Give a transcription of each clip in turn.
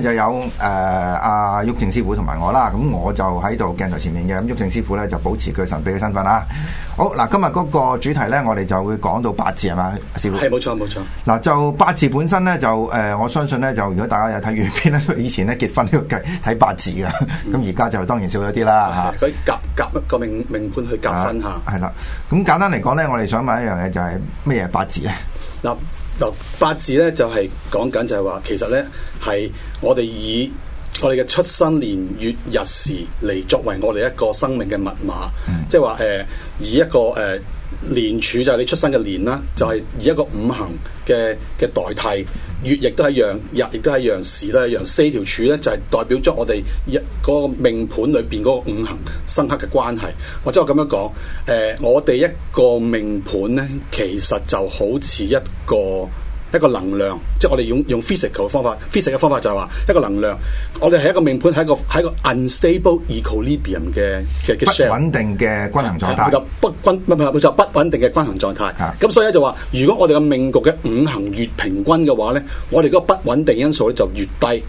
就有誒阿毓証師傅同埋我啦，咁、嗯、我就喺度鏡頭前面嘅，咁毓証師傅咧就保持佢神秘嘅身份啦。好嗱，今日嗰個主題咧，我哋就會講到八字係嘛，師傅係，冇錯冇錯。嗱，就八字本身咧，就誒、呃、我相信咧，就如果大家有睇完片咧，以前咧結婚都要計睇八字噶，咁而家就當然少咗啲啦吓。佢夾夾個命命盤去夾分吓。係啦，咁簡單嚟講咧，我哋想問一樣嘢就係咩嘢八字咧？嗱、嗯。八字呢，就係講緊就係話，其實呢，係我哋以我哋嘅出生年月日時嚟作為我哋一個生命嘅密碼，嗯、即係話誒以一個誒。呃年柱就係你出生嘅年啦，就係、是、以一個五行嘅嘅代替月，亦都係一樣日，亦都係一樣時啦，一樣四條柱呢，就係、是、代表咗我哋一個命盤裏邊嗰個五行深刻嘅關係。或者我咁樣講、呃，我哋一個命盤呢，其實就好似一個。一個能量，即係我哋用用 physical 嘅方法，physical 嘅方法就係話一個能量，我哋係一個命盤係一個係一個 unstable equilibrium 嘅嘅嘅 share，不穩定嘅均衡狀態，啊。不均唔唔係，不穩定嘅均衡狀態。咁、啊、所以咧就話，如果我哋嘅命局嘅五行越平均嘅話咧，我哋個不穩定因素咧就越低。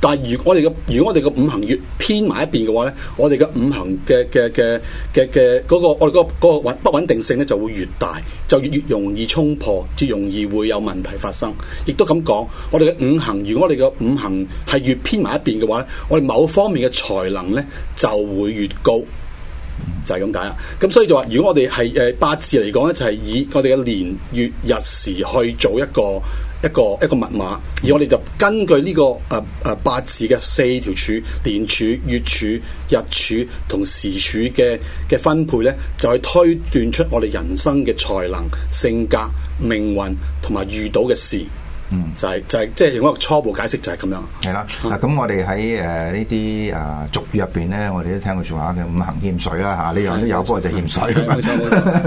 但係，如我哋嘅，如果我哋嘅五行越偏埋一邊嘅話呢，我哋嘅五行嘅嘅嘅嘅嘅嗰個我哋嗰個不穩定性咧就會越大，就越，越容易衝破，越容易會有問題發生。亦都咁講，我哋嘅五行，如果我哋嘅五行係越偏埋一邊嘅話，我哋某方面嘅才能呢就會越高，就係咁解啦。咁所以就話，如果我哋係誒八字嚟講呢就係以我哋嘅年月日時去做一個。一個一個密碼，而我哋就根據呢、這個誒誒、呃呃、八字嘅四條柱、年柱、月柱、日柱同時柱嘅嘅分配呢就去推斷出我哋人生嘅才能、性格、命運同埋遇到嘅事。嗯、就是，就係就係即係用一個初步解釋就係咁樣。係啦，咁、嗯、我哋喺誒呢啲誒俗語入邊咧，我哋都聽過說話嘅五行欠水啦吓，呢樣都有，不過、啊、就欠水。咁、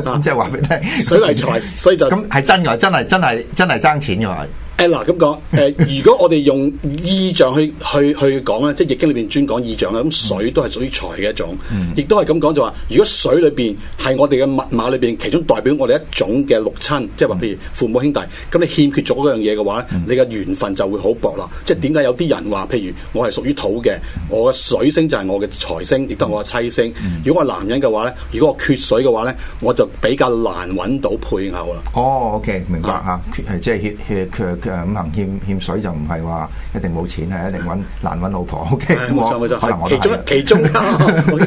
嗯、即係話俾你聽，啊、水為財，所以就咁係真嘅，真係真係真係爭錢嘅。誒嗱，咁講，誒、呃、如果我哋用意象去去去講咧，即係易經裏邊專講意象啦，咁水都係屬於財嘅一種，亦、嗯、都係咁講就話，如果水裏邊係我哋嘅密碼裏邊，其中代表我哋一種嘅六親，即係話譬如父母兄弟，咁你欠缺咗嗰樣嘢嘅話，嗯、你嘅緣分就會好薄啦。嗯、即係點解有啲人話，譬如我係屬於土嘅，我嘅水星就係我嘅財星，亦都係我嘅妻星。嗯、如果我係男人嘅話咧，如果我缺水嘅話咧，我就比較難搵到配偶啦。哦，OK，明白吓，係即係缺缺。嘅五行欠欠水就唔係話一定冇錢係一定揾難揾老婆 OK 冇錯冇錯，可能其中我其中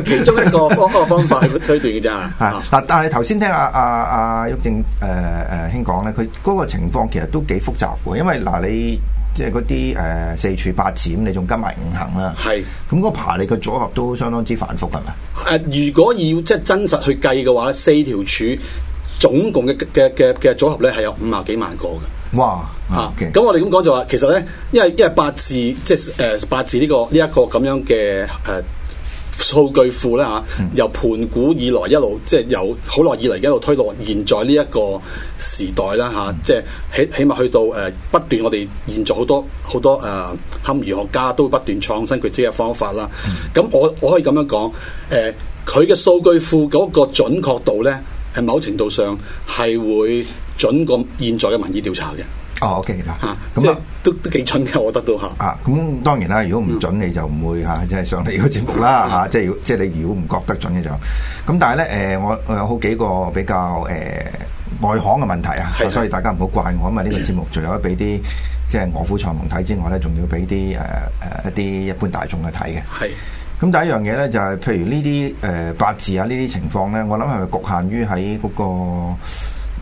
其中一個方一個方法嘅 推斷嘅啫。係嗱但，啊、但係頭先聽阿阿阿毓証誒誒兄講咧，佢、啊、嗰、啊啊啊、個情況其實都幾複雜嘅，因為嗱、啊、你即係嗰啲誒四柱八字，你仲加埋五行啦。係咁是，個排你個組合都相當之繁複，係咪？誒，如果要即係真實去計嘅話，四條柱總共嘅嘅嘅嘅組合咧係有五十幾萬個嘅。哇！啊，咁 Okay. 我哋咁講就話，其實咧，因為因為八字即係誒八字呢、這個呢一個咁樣嘅誒數據庫咧吓，啊嗯、由盤古以來一路即係、就是、由好耐以嚟一路推落現在呢一個時代啦吓，即、啊、係、嗯、起起碼去到誒、呃、不斷我哋現在好多好多誒堪輿學家都會不斷創新佢自己嘅方法啦。咁、啊嗯、我我可以咁樣講，誒、呃，佢嘅數據庫嗰個準確度咧。呢喺某程度上係會準個現在嘅民意調查嘅。哦，OK 嗱，啊，即係都都幾準嘅，我得到嚇。啊，咁當然啦，如果唔準你就唔會嚇，即係上嚟個節目啦嚇。即係要即係你如果唔覺得準嘅就。咁但係咧，誒，我我有好幾個比較誒外行嘅問題啊，所以大家唔好怪我。因為，呢個節目除咗俾啲即係卧虎藏龍睇之外咧，仲要俾啲誒誒一啲一般大眾去睇嘅。係。咁第一樣嘢咧就係、是，譬如呢啲誒八字啊，呢啲情況咧，我諗係咪局限於喺嗰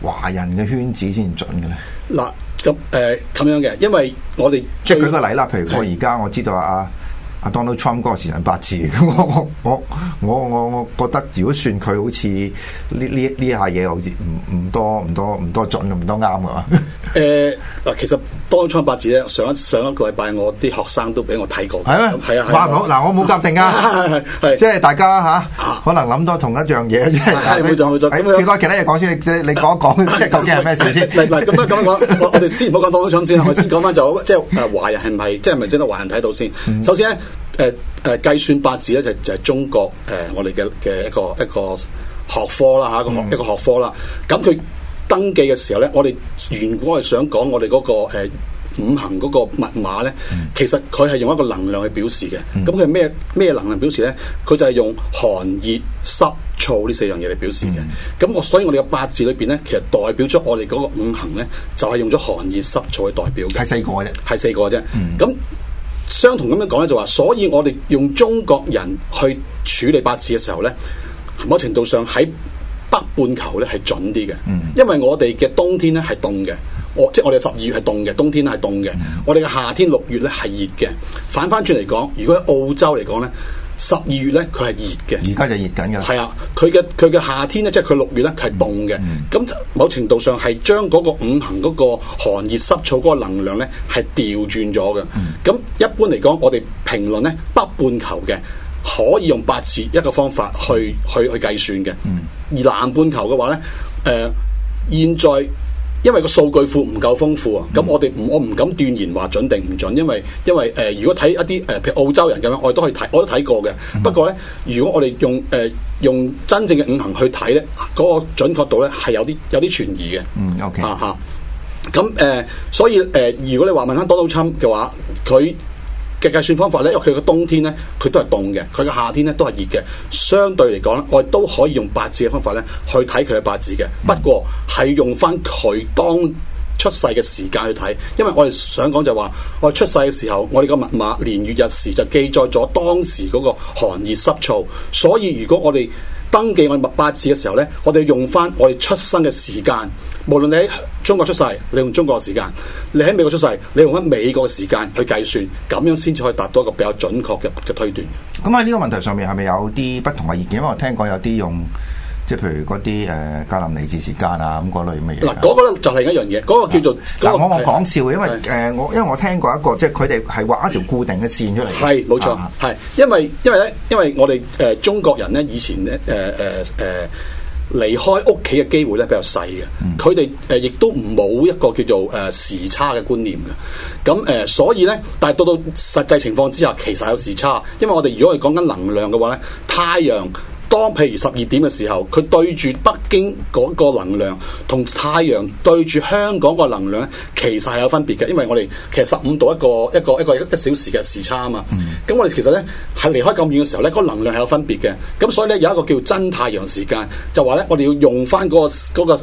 個華人嘅圈子先準嘅咧？嗱，咁誒咁樣嘅，因為我哋即舉個例啦，譬如我而家我知道啊，阿 Donald Trump 個時辰、啊、八字，咁我我我我我覺得，如果算佢好似呢呢呢下嘢，好似唔唔多唔多唔多準，唔多啱嘅話，誒啊、呃、其實。當窗八字咧，上一上一個禮拜我啲學生都俾我睇過，係啊，係啊，嗱我嗱我冇確定啊，係係即係大家嚇可能諗到同一樣嘢，係冇錯冇錯。誒，先講其他嘢講先，你你講一講，即係究竟係咩事先？咁樣咁樣講，我哋先唔好講當窗先啦，我先講翻就即係華人係唔係即係咪係值得華人睇到先？首先咧，誒誒計算八字咧就就係中國誒我哋嘅嘅一個一個學科啦嚇，個一個學科啦，咁佢。登記嘅時候，那個呃、呢，我哋原本係想講我哋嗰個誒五行嗰個密碼呢，其實佢係用一個能量去表示嘅。咁佢係咩咩能量表示呢？佢就係用寒熱濕燥呢四樣嘢嚟表示嘅。咁我、嗯、所以我哋嘅八字裏邊呢，其實代表咗我哋嗰個五行呢，就係、是、用咗寒熱濕燥去代表。係四個啫，係四個啫。咁、嗯、相同咁樣講呢，就話所以我哋用中國人去處理八字嘅時候呢，某程度上喺北半球咧係準啲嘅，因為我哋嘅冬天咧係凍嘅，我即係我哋十二月係凍嘅，冬天係凍嘅。 我哋嘅夏天六月咧係熱嘅。反翻轉嚟講，如果喺澳洲嚟講咧，十二月咧佢係熱嘅。而家就熱緊㗎。係啊，佢嘅佢嘅夏天咧，即係佢六月咧係凍嘅。咁 某程度上係將嗰個五行嗰個寒熱濕燥嗰個能量咧係調轉咗嘅。咁 一般嚟講，我哋評論咧北半球嘅。可以用八字一個方法去去去計算嘅，嗯、而南半球嘅話呢，誒、呃、現在因為個數據庫唔夠豐富啊，咁、嗯、我哋唔我唔敢斷言話準定唔準，因為因為誒、呃、如果睇一啲誒譬如澳洲人咁樣，我哋都可以睇，我都睇過嘅。嗯、哼不過呢，如果我哋用誒、呃、用真正嘅五行去睇呢，嗰、嗰個準確度呢係有啲有啲存疑嘅、嗯 okay. 啊啊啊。嗯，OK 啊，咁誒所以誒、嗯嗯呃呃，如果你話問翻多刀侵嘅話，佢。嗯就是嘅計算方法咧，因為佢嘅冬天咧，佢都係凍嘅；佢嘅夏天咧，都係熱嘅。相對嚟講咧，我哋都可以用八字嘅方法咧，去睇佢嘅八字嘅。不過係用翻佢當出世嘅時間去睇，因為我哋想講就話，我哋出世嘅時候，我哋個密碼年月日時就記載咗當時嗰個寒熱濕燥。所以如果我哋登記我哋八字嘅時候咧，我哋用翻我哋出生嘅時間，無論你喺中國出世，你用中國嘅時間。你喺美國出世，你用翻美國嘅時間去計算，咁樣先至可以達到一個比較準確嘅嘅推斷。咁喺呢個問題上面，係咪有啲不同嘅意見？因為我聽講有啲用，即係譬如嗰啲誒格林尼治時間啊咁嗰類嘅嘢。嗱，嗰、那個就係一樣嘢，嗰、那個叫做嗱喏、那個，我我講笑嘅，是因為誒我、呃、因為我聽過一個，即係佢哋係畫一條固定嘅線出嚟。係，冇錯，係、啊、因為因為咧，因為我哋誒、呃、中國人咧，以前咧誒誒誒。呃呃呃離開屋企嘅機會咧，比較細嘅，佢哋誒亦都唔冇一個叫做誒、呃、時差嘅觀念嘅，咁誒、呃、所以咧，但係到到實際情況之下，其實有時差，因為我哋如果係講緊能量嘅話咧，太陽。當譬如十二點嘅時候，佢對住北京個能量同太陽對住香港個能量，其實係有分別嘅，因為我哋其實十五度一個一個一個一個小時嘅時差啊嘛。咁、嗯、我哋其實咧係離開咁遠嘅時候咧，嗰個能量係有分別嘅。咁所以咧，有一個叫真太陽時間，就話咧我哋要用翻、嗰個、嗰個誒誒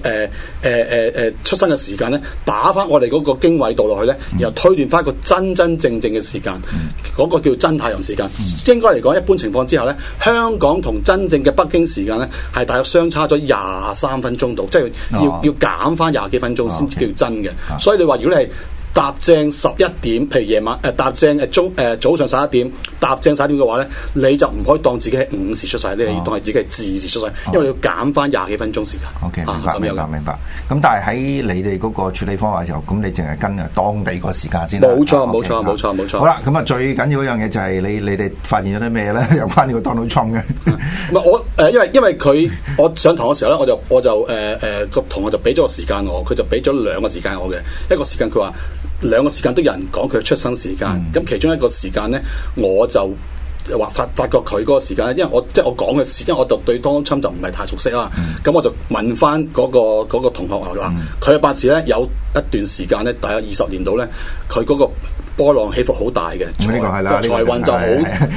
誒誒出生嘅時間咧，打翻我哋個經緯度落去咧，然後推斷翻個真真正正嘅時間，嗰、嗯、個叫真太陽時間，嗯、應該嚟講一般情況之下咧，香港同真正嘅北京時間咧，係大約相差咗廿三分鐘度，即係要、oh. 要減翻廿幾分鐘先至叫真嘅，oh, okay. 所以你話如果你係。搭正十一點，譬如夜晚誒，搭正誒中誒早上十一點，搭正十一點嘅話咧，你就唔可以當自己係午時出世，你要當係自己係子時出世，因為你要減翻廿幾分鐘時間。OK，明白，明白，明白。咁但係喺你哋嗰個處理方法時候，咁你淨係跟啊當地個時間先啦。冇錯，冇錯，冇錯，冇錯。好啦，咁啊最緊要一樣嘢就係你你哋發現咗啲咩咧？又關於個 Donald Trump 嘅。唔係我誒，因為因為佢我上堂嘅時候咧，我就我就誒誒個同學就俾咗個時間我，佢就俾咗兩個時間我嘅，一個時間佢話。兩個時間都有人講佢出生時間，咁、嗯、其中一個時間呢，我就話發發覺佢嗰個時間，因為我即係我講嘅時間，我就對當初就唔係太熟悉啦，咁、嗯、我就問翻嗰、嗰個嗰個同學話佢嘅八字呢，有一段時間呢，大概二十年到呢，佢嗰、嗰個。波浪起伏好大嘅，財運就好，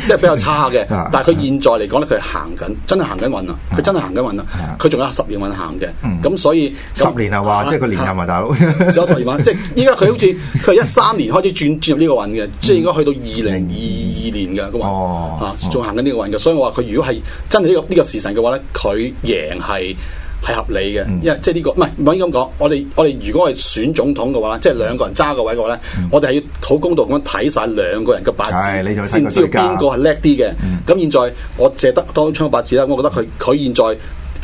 即係比較差嘅。但係佢現在嚟講咧，佢行緊，真係行緊運啊！佢真係行緊運啊！佢仲有十年運行嘅，咁所以十年係話，即係佢連任埋大佬，有十年運，即係依家佢好似佢一三年開始轉進入呢個運嘅，即係應該去到二零二二年嘅咁運啊，仲行緊呢個運嘅，所以我話佢如果係真係呢個呢個時辰嘅話咧，佢贏係。係合理嘅，嗯、因為即係呢個唔係唔可以咁講。我哋我哋如果係選總統嘅話，即、就、係、是、兩個人揸個位嘅話咧，嗯、我哋係要好公道咁樣睇晒兩個人嘅八字，先、哎、知道邊個係叻啲嘅。咁、嗯嗯、現在我借得多張八字啦，我覺得佢佢現在誒、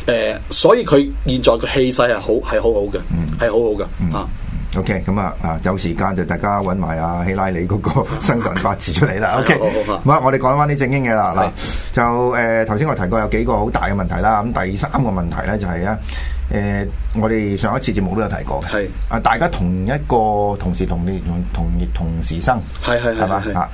呃，所以佢現在嘅氣勢係好係好、嗯、好嘅，係好好嘅啊。OK，咁、嗯、啊啊有時間就大家揾埋阿希拉里嗰個生辰八字出嚟啦。OK，唔好，我哋講翻啲正經嘢啦。嗱是，就誒，頭、呃、先我提過有幾個好大嘅問題啦。咁第三個問題咧就係、是、咧，誒、呃，我哋上一次節目都有提過嘅。係是啊，大家同一個同時同年同同月同時生，係係係嘛啊。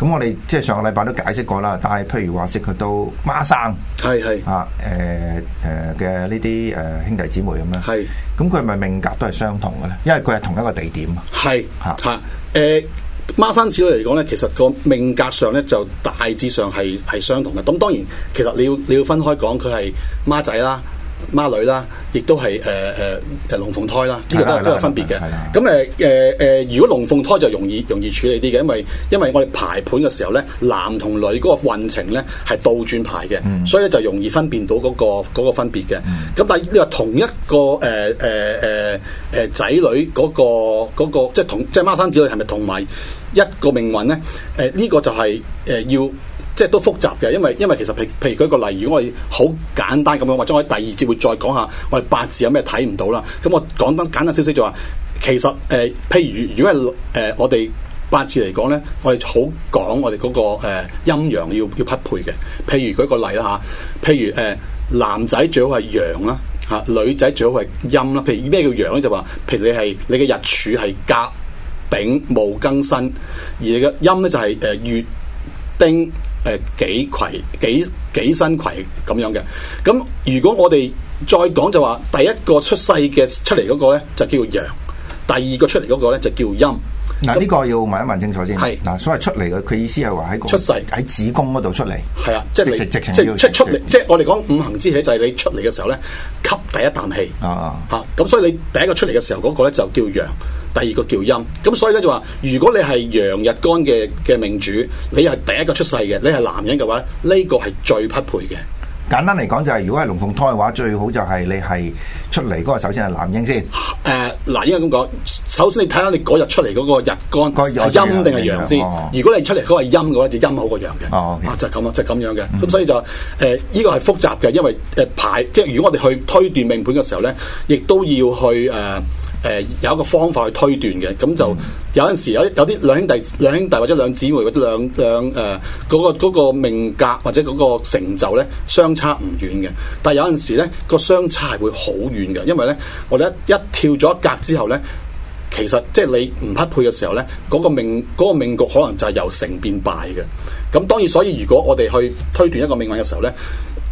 咁我哋即係上個禮拜都解釋過啦，但係譬如話識佢到孖生，係係啊誒誒嘅呢啲誒兄弟姊妹咁樣，係咁佢係咪命格都係相同嘅咧？因為佢係同一個地點係啊，係嚇嚇誒孖生子女嚟講咧，其實個命格上咧就大致上係係相同嘅。咁、嗯、當然其實你要你要分開講，佢係孖仔啦，孖女啦，亦都係誒誒誒龍鳳胎啦，呢個都都有分別嘅。咁誒誒誒，如果龍鳳胎就容易容易處理啲嘅，因為因為我哋排盤嘅時候咧，男同女嗰個運程咧係倒轉排嘅，所以咧就容易分辨到嗰個嗰個分別嘅。咁但係你話同一個誒誒誒誒仔女嗰、嗰個、嗰個、即係同即係孖生仔女係咪同埋一個命運咧？誒、uh, 呢個就係、係、誒、呃、要。即係都複雜嘅，因為因為其實譬譬如舉一個例，如果我哋好簡單咁樣，或者我喺第二節會再講下我哋八字有咩睇唔到啦。咁我講得簡單少少就話，其實誒，譬、呃、如如果係誒、呃、我哋八字嚟講咧，我哋好講我哋嗰、那個誒陰陽要要匹配嘅。譬如舉一個例啦嚇，譬、啊、如誒、呃、男仔最好係陽啦嚇，女仔最好係陰啦。譬如咩叫陽咧？就話譬如你係你嘅日柱係甲丙戊庚辛，而你嘅陰咧就係、是、誒、呃、乙丁。誒、呃、幾癸幾幾身癸咁樣嘅，咁如果我哋再講就話，第一個出世嘅出嚟嗰個咧就叫陽，第二個出嚟嗰個咧就叫陰。嗱，呢個要問一問清楚先。係，嗱，所謂出嚟嘅佢意思係話喺個出世喺子宮嗰度出嚟。係啊，即係你，直情出嚟。即係我哋講五行之氣就係你出嚟嘅時候咧，吸第一啖氣。啊啊！嚇，咁所以你第一個出嚟嘅時候嗰個咧就叫陽，第二個叫陰。咁所以咧就話，如果你係陽日干嘅嘅命主，你係第一個出世嘅，你係男人嘅話，呢個係最匹配嘅。簡單嚟講就係，如果係龍鳳胎嘅話，最好就係你係出嚟嗰個首先係男嬰先。誒，嗱，應該咁講。首先你睇下你嗰日出嚟嗰個日干係陰定係陽、哦、先。如果你出嚟嗰個係陰嘅話，就陰好過陽嘅。哦，就咁咯，就咁、是、樣嘅。咁、就是、所以就誒，依、呃呢個係複雜嘅，因為誒排、呃，即係如果我哋去推斷命盤嘅時候咧，亦都要去誒。呃誒、呃、有一個方法去推斷嘅，咁就有陣時有有啲兩兄弟、兩兄弟或者兩姊妹或者兩兩誒嗰、呃那個嗰、那個、命格或者嗰個成就咧相差唔遠嘅，但係有陣時呢、那個相差係會好遠嘅，因為呢我哋一,一跳咗一格之後呢，其實即係、就是、你唔匹配嘅時候呢，嗰、那個命嗰、那個、命局可能就係由成變敗嘅。咁當然，所以如果我哋去推斷一個命運嘅時候呢。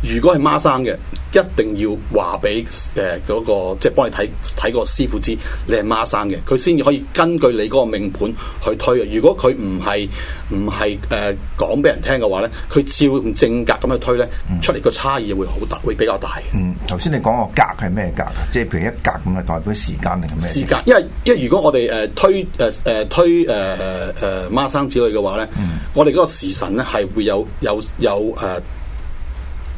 如果係孖生嘅，一定要話俾誒嗰個即係幫你睇睇個師傅知你係孖生嘅，佢先至可以根據你嗰個命盤去推啊。如果佢唔係唔係誒講俾人聽嘅話咧，佢照正格咁去推咧，出嚟個差異會好大，會比較大。嗯，頭先你講個格係咩格？即係譬如一格咁啊，代表時間定係咩？時間，因為因為如果我哋誒、呃、推誒誒、呃、推誒誒誒孖生之類嘅話咧，嗯、我哋嗰個時辰咧係會有有有誒。有呃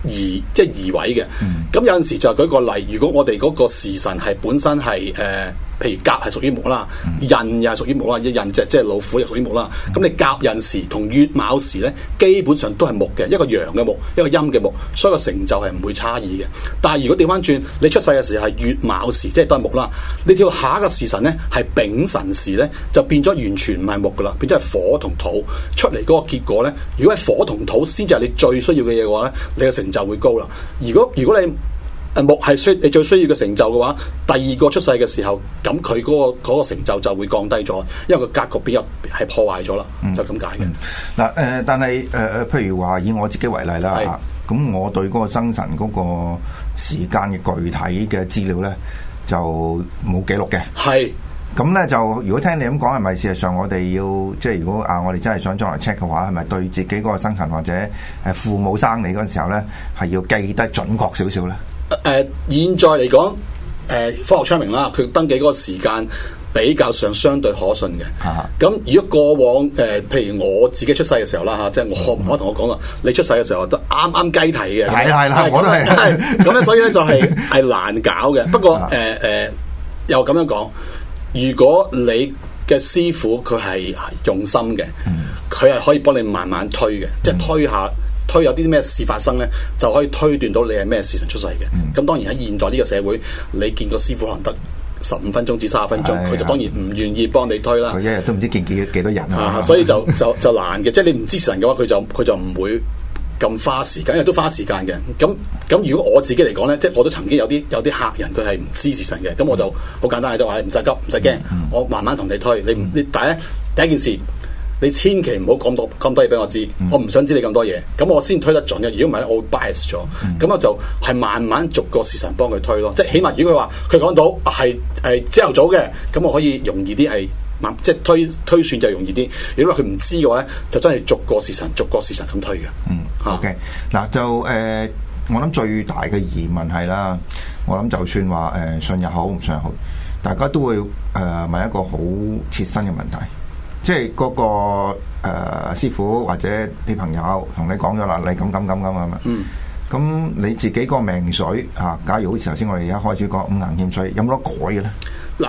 移，即係移位嘅，咁、嗯、有陣時就舉個例，如果我哋嗰個時辰係本身係誒。呃譬如甲係屬於木啦，印又係屬於木啦，印隻即係老虎又屬於木啦。咁你甲印時同月卯時咧，基本上都係木嘅，一個陽嘅木，一個陰嘅木，所以個成就係唔會差異嘅。但係如果調翻轉，你出世嘅時候係月卯時，即係都係木啦。你跳下一個時辰咧，係丙辰時咧，就變咗完全唔係木噶啦，變咗係火同土出嚟嗰個結果咧。如果係火同土先至係你最需要嘅嘢嘅話咧，你嘅成就會高啦。如果如果你誒，木係需你最需要嘅成就嘅話，第二個出世嘅時候，咁佢嗰個、嗰個成就就會降低咗，因為個格局比入係破壞咗啦，嗯、就咁解嘅嗱。誒、嗯嗯，但係誒誒，譬如話以我自己為例啦吓，咁是、啊、我對嗰個生辰嗰個時間嘅具體嘅資料咧，就冇記錄嘅。係咁咧，嗯、就如果聽你咁講，係咪事實上我哋要即係如果啊，我哋真係想將來 check 嘅話，係咪對自己嗰個生辰或者誒父母生你嗰時候咧，係要記得準確少少咧？誒、呃、現在嚟講，誒、呃、科學昌明啦，佢登記嗰個時間比較上相對可信嘅。咁、啊、如果過往誒、呃，譬如我自己出世嘅時候啦嚇、啊，即係我唔媽同我講啊，你出世嘅時候都啱啱雞啼嘅。係啦、嗯樣啊啊，我都係。咁咧樣， 所以咧就係、是、係難搞嘅。不過誒誒、呃呃，又咁樣講，如果你嘅師傅佢係用心嘅，佢係、嗯、可以幫你慢慢推嘅，即係推下。推有啲咩事發生咧，就可以推斷到你係咩時辰出世嘅。咁、嗯、當然喺現在呢個社會，你見個師傅可能得十五分鐘至三十分鐘，佢、哎、呀就當然唔願意幫你推啦。佢一日都唔知見幾幾多人啊！啊啊所以就就就難嘅，即係你唔知時辰嘅話，佢就佢就唔會咁花時間，因為都花時間嘅。咁咁如果我自己嚟講咧，即係我都曾經有啲有啲客人佢係唔知時辰嘅，咁我就好簡單喺度話：唔使急，唔使驚，嗯嗯、我慢慢同你推。你你、嗯、第一第一件事。你千祈唔好講多咁多嘢俾我知，嗯、我唔想知你咁多嘢，咁我先推得準嘅。如果唔係咧，我會 bias 咗，咁我就係慢慢逐個時辰幫佢推咯。即係起碼，如果佢話佢講到係係朝頭早嘅，咁我可以容易啲係慢，即係推推算就容易啲。如果佢唔知嘅話咧，就真係逐個時辰、逐個時辰咁推嘅。嗯，OK 嗱、啊、就誒、呃，我諗最大嘅疑問係啦，我諗就算話誒、呃、信又好唔信又好，大家都會誒、呃、問一個好切身嘅問題。即係嗰、那個誒、呃、師傅或者啲朋友同你講咗啦，你咁咁咁咁啊嗯。咁你自己個命水吓、啊，假如好似頭先我哋而家開始講五行欠水，有冇得改嘅咧？嗱、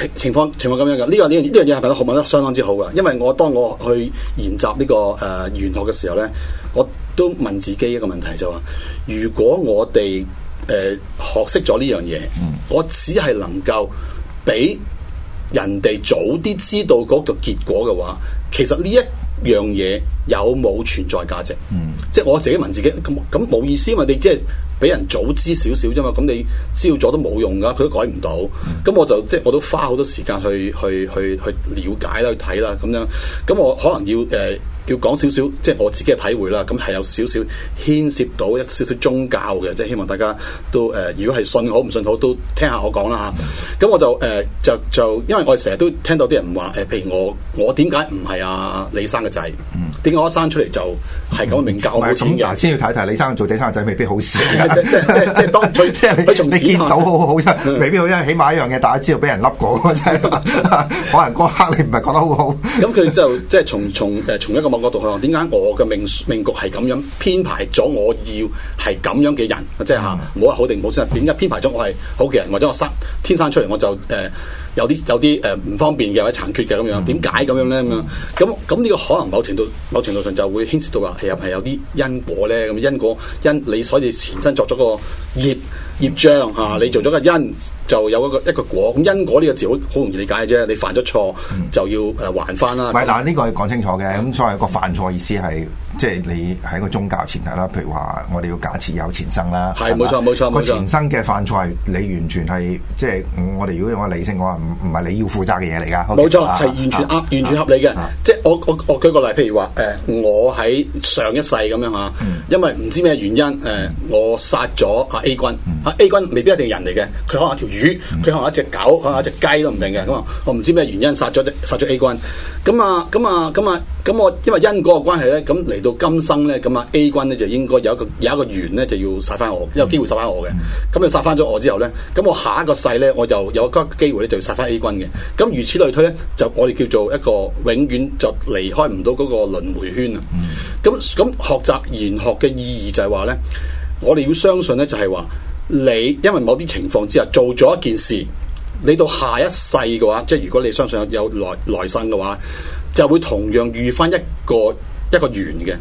呃、情況情況情況咁樣噶、呢、這個呢樣呢樣嘢係學問得相當之好噶。因為我當我去研習呢、這個誒玄、呃、學嘅時候咧，我都問自己一個問題就話、是：如果我哋誒、呃、學識咗呢樣嘢，嗯、我只係能夠俾。人哋早啲知道嗰個結果嘅話，其實呢一樣嘢有冇存在價值？嗯，即係我自己問自己，咁咁冇意思嘛？你即係俾人早知少少啫嘛，咁你知道咗都冇用㗎，佢都改唔到。咁、嗯、我就即係我都花好多時間去去去去了解啦、去睇啦咁樣。咁我可能要誒。呃要講少少，即係我自己嘅體會啦。咁係有少少牽涉到一少少宗教嘅，即係希望大家都誒、呃，如果係信好唔信好，都聽下我講啦吓，咁、嗯、我就誒、呃、就就，因為我哋成日都聽到啲人話誒、呃，譬如我我點解唔係阿李生嘅仔？點解、嗯、我生出嚟就係咁明教冇錢嘅？嗯嗯、要看看先要睇睇李生做第三者仔，未必好事、啊。即即即當退即係退到好好，好 未必好，因為起碼一樣嘢，大家知道俾人笠過，可能嗰刻你唔係覺得好好。咁 佢就即係從從誒從一個。我讀學堂點解我嘅命命局係咁樣編排咗？我要係咁樣嘅人，即係吓，唔、hmm. 好話好定唔好先。點解編排咗我係好嘅人，或者我生天生出嚟我就誒。呃有啲有啲誒唔方便嘅或者殘缺嘅咁樣，點解咁樣咧？咁樣？咁咁呢個可能某程度某程度上就會牽涉到話係係有啲因果咧，咁因果因你所以前身作咗個業業障嚇，你做咗個因就有一個一個果。咁因果呢個字好好容易理解嘅啫，你犯咗錯就要誒、呃、還翻啦。唔係喂，就但呢個要講清楚嘅，咁所謂個犯錯意思係。即係你喺個宗教前提啦，譬如話我哋要假設有前生啦，係冇是吧錯冇錯冇錯，前生嘅犯錯係你完全係即係我哋如果用個理性講啊，唔唔係你要負責嘅嘢嚟噶。冇錯，係、OK、吧完全合、啊、完全合理嘅。啊啊、即係我我我舉個例，譬如話誒、呃，我喺上一世咁樣啊，因為唔知咩原因誒、呃，我殺咗阿 A 君。嗯嗯。啊！A 君未必一定係人嚟嘅，佢可能一條魚，佢可能一隻狗，可能 一隻雞都唔定嘅咁啊。我唔知咩原因殺咗殺咗 A 君咁啊，咁啊，咁啊，咁我因為因果嘅關係咧，咁嚟到今生咧，咁啊 A 君咧就應該有一個有一個緣咧，就要殺翻我，有機會殺翻我嘅。咁啊殺翻咗我之後咧，咁我下一個世咧我就有一個機會咧，就要殺翻 A 君嘅。咁如此類推咧，就我哋叫做一個永遠就離開唔到嗰個輪回圈啊。咁咁學習玄學嘅意義就係話咧，我哋要相信咧，就係、是、話。你因為某啲情況之下做咗一件事，你到下一世嘅話，即係如果你相信有有來來生嘅話，就會同樣遇翻一個一個緣嘅。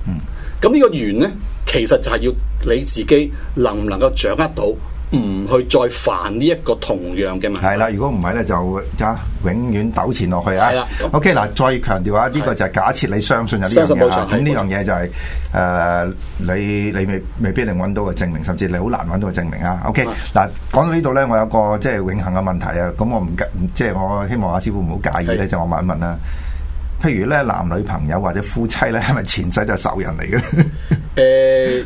咁呢個緣咧，其實就係要你自己能唔能夠掌握到。唔去再煩呢一個同樣嘅問題，係啦。如果唔係咧，就吓永遠糾纏落去啊。係啦。的 OK，嗱、啊，再強調下，呢的個就係假設你相信有呢樣嘢，咁呢樣嘢就係、是、誒、呃，你你未未必一定揾到個證明，甚至你好難揾到個證明的 okay, 啊。OK，嗱、啊，講到呢度咧，我有個即係、就是、永恒嘅問題啊。咁我唔介，即、就、係、是、我希望阿師傅唔好介意咧，的就我問一問啦。譬如咧，男女朋友或者夫妻咧，係咪前世就仇人嚟嘅？誒。 uh,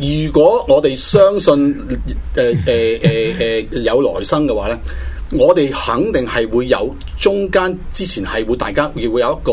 如果我哋相信誒誒誒誒有來生嘅話咧，我哋肯定係會有中間之前係會大家會會有一個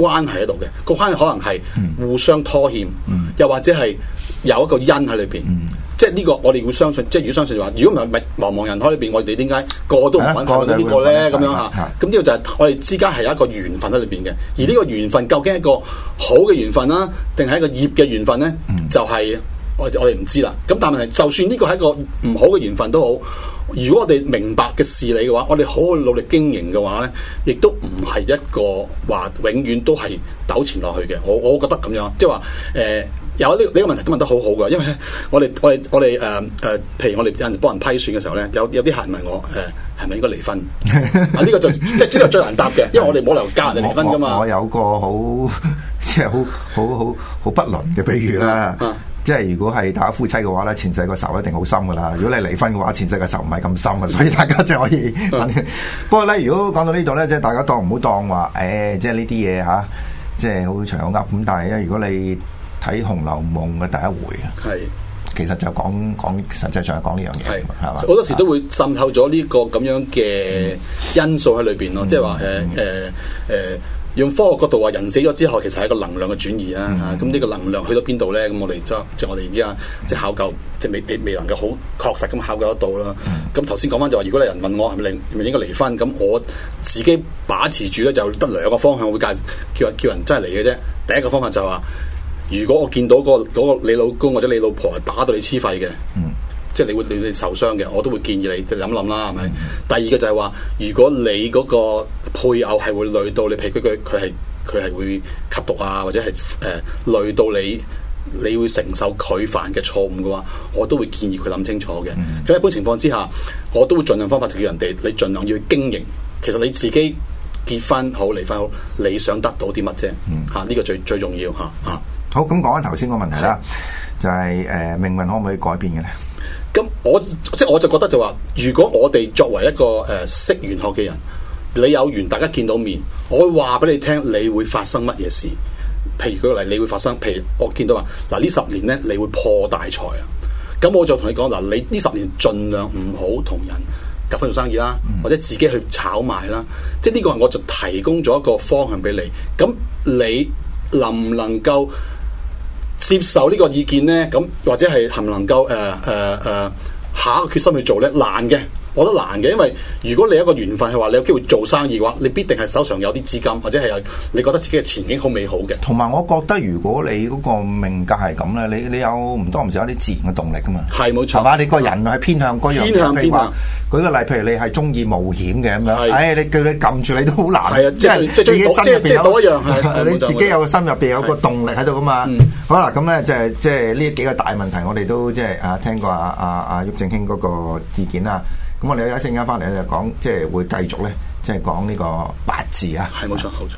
關係喺度嘅，個關係可能係互相拖欠，嗯嗯、又或者係有一個因喺裏邊，嗯、即係呢個我哋會相信。即係如果相信嘅話，如果唔係茫茫人海裏邊，我哋點解個都唔揾的的到個呢個咧？咁樣吓咁呢個就係我哋之間係有一個緣分喺裏邊嘅。而呢個緣分究竟係一個好嘅緣分啦、啊，定係一個業嘅緣分咧？嗯、就係、是。我我哋唔知啦，咁但係就算呢個係一個唔好嘅緣分都好，如果我哋明白嘅事理嘅話，我哋好好努力經營嘅話咧，亦都唔係一個話永遠都係糾纏落去嘅。我我覺得咁樣，即係話誒有呢、呢、呢、個呢個問題都問得好好嘅，因為我哋我哋我哋誒誒，譬如我哋幫人批選嘅時候咧，有有啲客人問我誒係咪應該離婚？ 啊呢、呢個就即係呢個最難答嘅，因為我哋冇理由教人離，離婚㗎嘛。 我有個好即係、即係、好好好好，好不倫嘅比喻啦。 啊即係如果係大家夫妻嘅話咧，前世個仇一定好深噶啦。如果你係離婚嘅話，前世嘅仇唔係咁深㗎，所以大家就可以。 不過咧，如果講到呢度咧，即係大家當唔好當話，誒、欸，即係呢啲嘢吓，即係好長好噏。咁但係咧，如果你睇《紅樓夢》嘅第一回啊，係是其實就講講，講實際上係講呢樣嘢，係嘛是？好吧多時都會滲透咗呢個咁樣嘅因素喺裏邊咯，嗯嗯、即係話誒誒誒。呃呃呃呃用科學角度話，人死咗之後其實係一個能量嘅轉移啦。咁呢個能量去到邊度咧？咁我哋即係我哋而家即係考究，即係未未未能夠好確實咁考究得到啦。咁頭先講翻就話，如果你人問我係咪應唔應該離婚，咁我自己把持住咧，就得兩個方向會介叫人叫人真係離嘅啫。第一個方法就係話，如果我見到嗰嗰個你老公或者你老婆係打到你黐肺嘅，即係你會你受傷嘅，我都會建議你諗諗啦，係咪？第二個就係話，如果你嗰個配偶係會累到你，譬如佢佢佢係佢係會吸毒啊，或者係誒、呃、累到你，你會承受佢犯嘅錯誤嘅話，我都會建議佢諗清楚嘅。咁、嗯、一般情況之下，我都會盡量方法叫人哋你盡量要去經營。其實你自己結婚好，離婚好，你想得到啲乜啫？吓、嗯、呢、啊呢個最最重要吓吓。啊、好，咁講翻頭先個問題啦，是就係、是、誒、呃、命運可唔可以改變嘅咧？咁我即係我就覺得就話，如果我哋作為一個誒、呃呃、識玄學嘅人，人。呃你有緣，大家見到面，我會話俾你聽，你會發生乜嘢事？譬如舉個例，你會發生，譬如我見到話，嗱呢十年咧，你會破大財啊！咁我就同你講，嗱，你呢十年盡量唔好同人夾份做生意啦，或者自己去炒賣啦。嗯、即係呢個人，我就提供咗一個方向俾你。咁你能唔能夠接受呢個意見咧？咁或者係能唔能夠誒誒誒下一個決心去做咧？難嘅。我都難嘅，因為如果你一個緣分係話，你有機會做生意嘅話，你必定係手上有啲資金，或者係有你覺得自己嘅前景好美好嘅。同埋，我覺得如果你嗰個命格係咁咧，你你有唔多唔少一啲自然嘅動力噶嘛，係冇錯係嘛？你個人係偏向嗰樣嘅，譬如話舉個例，譬如你係中意冒險嘅咁樣，唉，你叫你撳住你都好難，即係自己心入邊有一樣，你自己有個心入邊有個動力喺度噶嘛。好啦，咁咧即係即係呢幾個大問題，我哋都即係啊聽過阿阿阿毓証兄嗰個意見啊。咁我哋有一陣間翻嚟咧，就講即係會繼續咧，即係講呢個八字啊。係冇是吧錯，